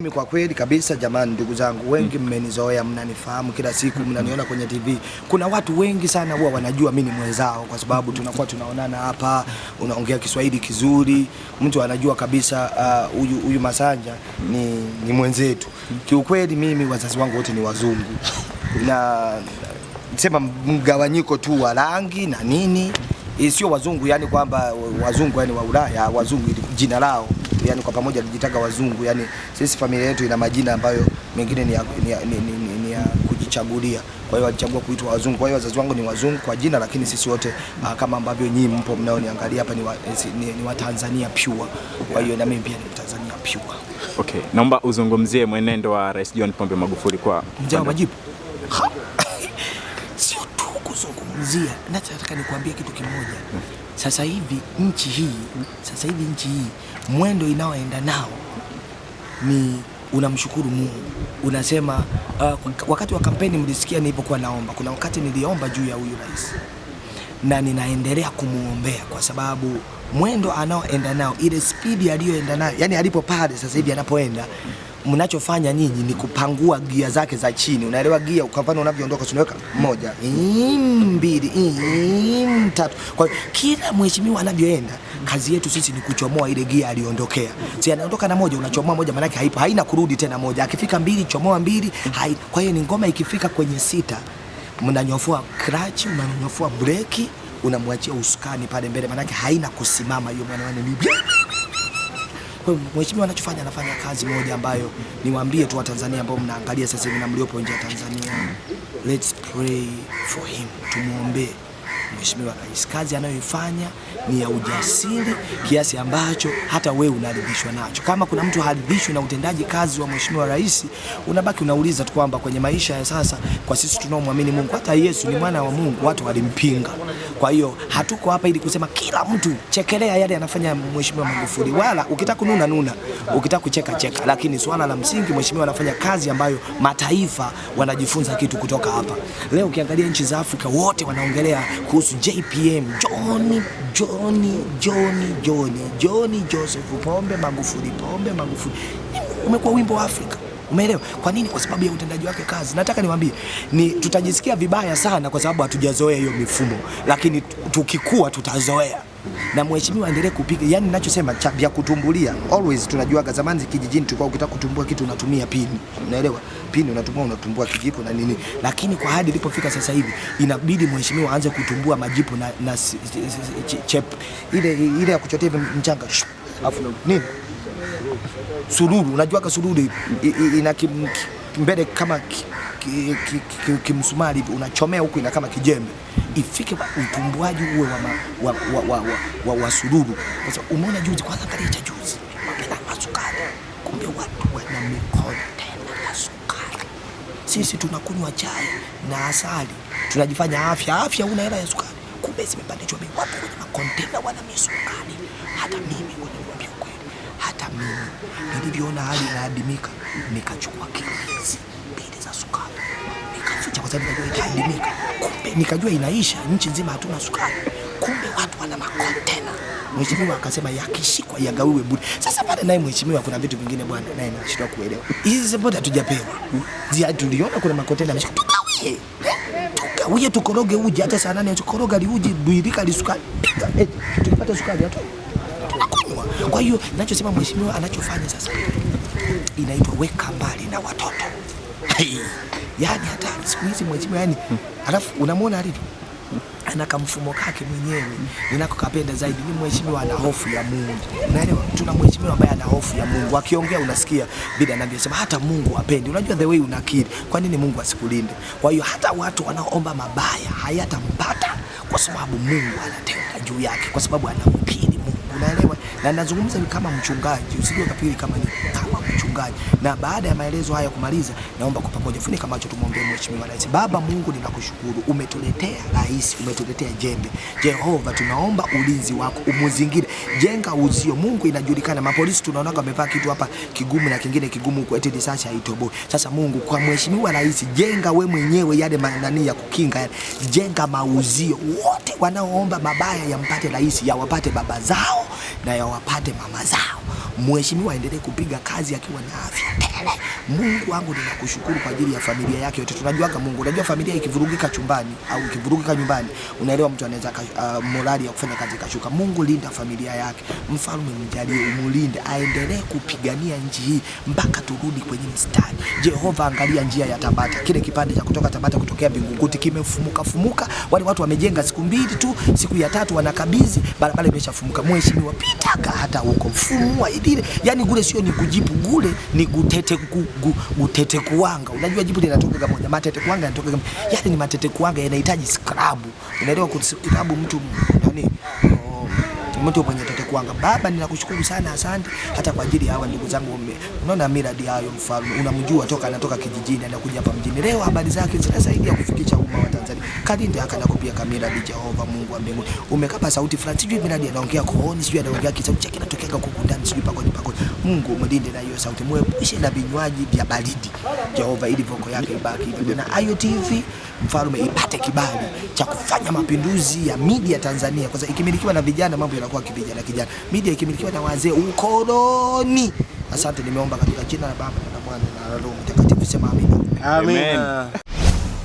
Mimi kwa kweli kabisa, jamani, ndugu zangu wengi, mmenizoea, mnanifahamu kila siku, mnaniona kwenye TV. Kuna watu wengi sana huwa wanajua mimi ni mwenzao, kwa sababu tunakuwa tunaonana hapa, unaongea Kiswahili kizuri, mtu anajua kabisa uh, huyu uh, Masanja ni, ni mwenzetu. Kiukweli mimi wazazi wangu wote ni wazungu na sema mgawanyiko tu wa rangi na nini, e, sio wazungu yani kwamba wazungu yani wa Ulaya, wazungu jina lao yani kwa pamoja tujitaga wazungu. Yani sisi familia yetu ina majina ambayo mengine ni ya, ni ya, ni, ni, ni, ni ya kujichagulia, kwa hiyo walichagua kuitwa wazungu. Kwa hiyo wazazi wangu ni wazungu kwa jina, lakini sisi wote uh, kama ambavyo nyinyi mpo mnaoniangalia hapa ni, wa, eh, ni, ni Watanzania pure. Kwa hiyo na mimi pia ni Mtanzania pure. Okay, naomba uzungumzie mwenendo wa Rais John Pombe Magufuli kwa mjao majibu sio tu kuzungumzia, nataka nikwambie kitu kimoja. Mm. Sasa hivi nchi hii, sasa hivi nchi hii mwendo inaoenda nao ni unamshukuru Mungu, unasema uh, wakati wa kampeni mlisikia nilipokuwa naomba, kuna wakati niliomba juu ya huyu rais na ninaendelea kumwombea kwa sababu mwendo anaoenda nao, ile spidi aliyoenda nayo, yani alipo pale sasa hivi anapoenda mnachofanya nyinyi ni kupangua gia zake za chini, unaelewa? Gia kwa mfano unavyoondoka, unaweka moja, mbili, tatu. Kwa hiyo kila mheshimiwa anavyoenda, kazi yetu sisi ni kuchomoa ile gia aliondokea. Si anaondoka na moja, unachomoa moja, maana yake haipo, haina kurudi tena moja. Akifika mbili, chomoa mbili. Kwa hiyo ni ngoma ikifika kwenye sita, mnanyofua clutch, mnanyofua breki, unamwachia usukani pale mbele, maana yake haina kusimama hiyo, mwana wangu kwa hiyo mheshimiwa anachofanya anafanya kazi moja ambayo niwaambie tu Watanzania ambao mnaangalia sasa hivi na mliopo nje ya Tanzania, let's pray for him, tumwombee Mheshimiwa Rais, kazi anayoifanya ni ya ujasiri kiasi ambacho hata wewe unaridhishwa nacho. Kama kuna mtu haridhishwi na utendaji kazi wa Mheshimiwa Rais, unabaki unauliza tu kwamba kwenye maisha ya sasa, kwa sisi tunaomwamini Mungu, hata Yesu ni mwana wa Mungu, watu walimpinga. Kwa hiyo hatuko hapa ili kusema kila mtu chekelea yale anafanya Mheshimiwa Magufuli, wala ukitaka kununa nuna, ukitaka kucheka cheka, lakini swala la msingi, mheshimiwa anafanya kazi ambayo mataifa wanajifunza kitu kutoka hapa. Leo ukiangalia nchi za Afrika wote wanaongelea ku kuhusu JPM John John John John John Joseph Pombe Magufuli Pombe Magufuli umekuwa wimbo wa Afrika. Umeelewa? Kwa nini? Kwa sababu ya utendaji wake kazi. Nataka niwaambie, ni tutajisikia vibaya sana kwa sababu hatujazoea hiyo mifumo, lakini tukikua tutazoea na mheshimiwa aendelee kupiga. Yani ninachosema cha vya kutumbulia always, tunajuaga zamani kijijini tulikuwa ukitaka kutumbua kitu unatumia pini, unaelewa pini, unatumia unatumbua kijipo na nini, lakini kwa hadi ilipofika sasa hivi inabidi mheshimiwa aanze kutumbua majipu na, na chep ile ile ya kuchotea mchanga afu nini sururu, unajuaga sururu ina mbele kama kimsumari ki, ki, ki, ki, unachomea huku ina kama kijembe ifike utumbuaji uwe wa, wa, wa, wa, wa, wa, wa sururu. Kwa sababu umeona juzi, kwanza kalia cha juzi wapenda sukari, kumbe watu wana mikono tena ya sukari. Sisi tunakunywa chai na asali tunajifanya afya afya, una hela ya sukari, kumbe zimepandishwa bei. Wapo kwenye makontena wana misukari. Hata mimi kwenye kweli, hata mimi nilivyoona hali inaadimika, nikachukua kilo hizi mbili za sukari nikaficha kwa sababu nikajua itaadimika nikajua inaisha nchi nzima, hatuna sukari. Kumbe watu wana makontena. Mheshimiwa akasema yakishikwa yagawiwe bure. Sasa pale naye mheshimiwa, kuna vitu vingine bwana, naye nashindwa kuelewa. Hizi sapoti hatujapewa, zia tuliona kuna makontena yameshika, tugawie eh? tugawie, tukoroge uji. Hata saa nane tukoroga liuji, buirika lisukari, pika eh, tukipata sukari hatu tunakunywa. Kwa hiyo ninachosema mheshimiwa anachofanya sasa inaitwa weka mbali na watoto Hey. Yani hata siku hizi mheshimiwa yani Alafu unamwona alivyo ana kamfumo kake mwenyewe ninakokapenda zaidi ni mheshimiwa ana hofu ya Mungu. Unaelewa? Tuna mheshimiwa ambaye ana hofu ya Mungu. Akiongea unasikia bila anavyosema hata Mungu apendi. Unajua the way unakiri. Kwa nini Mungu asikulinde? Kwa hiyo hata watu wanaoomba mabaya hayatampata kwa sababu Mungu anatenda juu yake kwa sababu anamkiri Mungu. Unaelewa? Na nazungumza kama mchungaji, usije ukafikiri kama ni mchungaji. Na baada ya maelezo haya kumaliza, naomba kwa pamoja funika macho tumwombee Mheshimiwa Rais. Baba Mungu, ninakushukuru umetuletea rais, umetuletea jembe. Jehova, tunaomba ulinzi wako umuzingire, jenga uzio. Mungu, inajulikana mapolisi tunaonaga wamevaa kitu hapa kigumu na kingine kigumu huko, eti risasi haitoboi. Sasa Mungu, kwa Mheshimiwa Rais, jenga we mwenyewe yale manani ya kukinga yale, jenga mauzio. Wote wanaoomba mabaya yampate rais, yawapate baba zao na yawapate mama zao. Mheshimiwa aendelee kupiga kazi ya akiwa na afya. Mungu wangu ninakushukuru kwa ajili ya familia yake yote. Tunajuaga Mungu, unajua familia ikivurugika chumbani au ikivurugika nyumbani, unaelewa mtu anaweza uh, morali ya kufanya kazi kashuka. Mungu linda familia yake, mfalme mjalie, umulinde, aendelee kupigania nchi hii mpaka turudi kwenye mstari. Jehova, angalia njia ya Tabata, kile kipande cha kutoka Tabata kutokea Mbingukuti kimefumuka fumuka. Wale watu wamejenga siku mbili tu, siku ya tatu wanakabidhi barabara imeshafumuka. Mheshimiwa, pitaga hata huko fumua wa idile, yani kule sio ni kujipu kule ni gutete ku, gu, gutete kuanga. Unajua jibu linatoka kama moja, matete kuanga yanatoka kama yani, ni matete kuanga yanahitaji scrub, unaelewa? Kwa sababu mtu yani oh, mtu mwenye tete kuanga. Baba, ninakushukuru sana, asante hata kwa ajili ya hawa ndugu zangu. Unaona miradi hayo, mfalme unamjua toka anatoka kijijini anakuja hapa mjini. Leo habari zake zinasaidia kufikisha umma wa kadi ndio akaenda kupiga kamera ni Jehova Mungu wa mbinguni. Umekapa sauti fulani, sijui miradi anaongea kooni, sijui anaongea kisauti chake kinatokea huko ndani, sijui pakoni pako. Mungu mlinde na hiyo sauti, muepushe na vinywaji vya baridi Jehova, ili voko yake ibaki hivyo, na Ayo TV mfalme ipate kibali cha kufanya mapinduzi ya media Tanzania, kwa sababu ikimilikiwa na vijana mambo yanakuwa kivijana kijana, media ikimilikiwa na wazee ukoloni. Asante, nimeomba katika jina la Baba na Mwana na Roho Mtakatifu, sema amina, amina.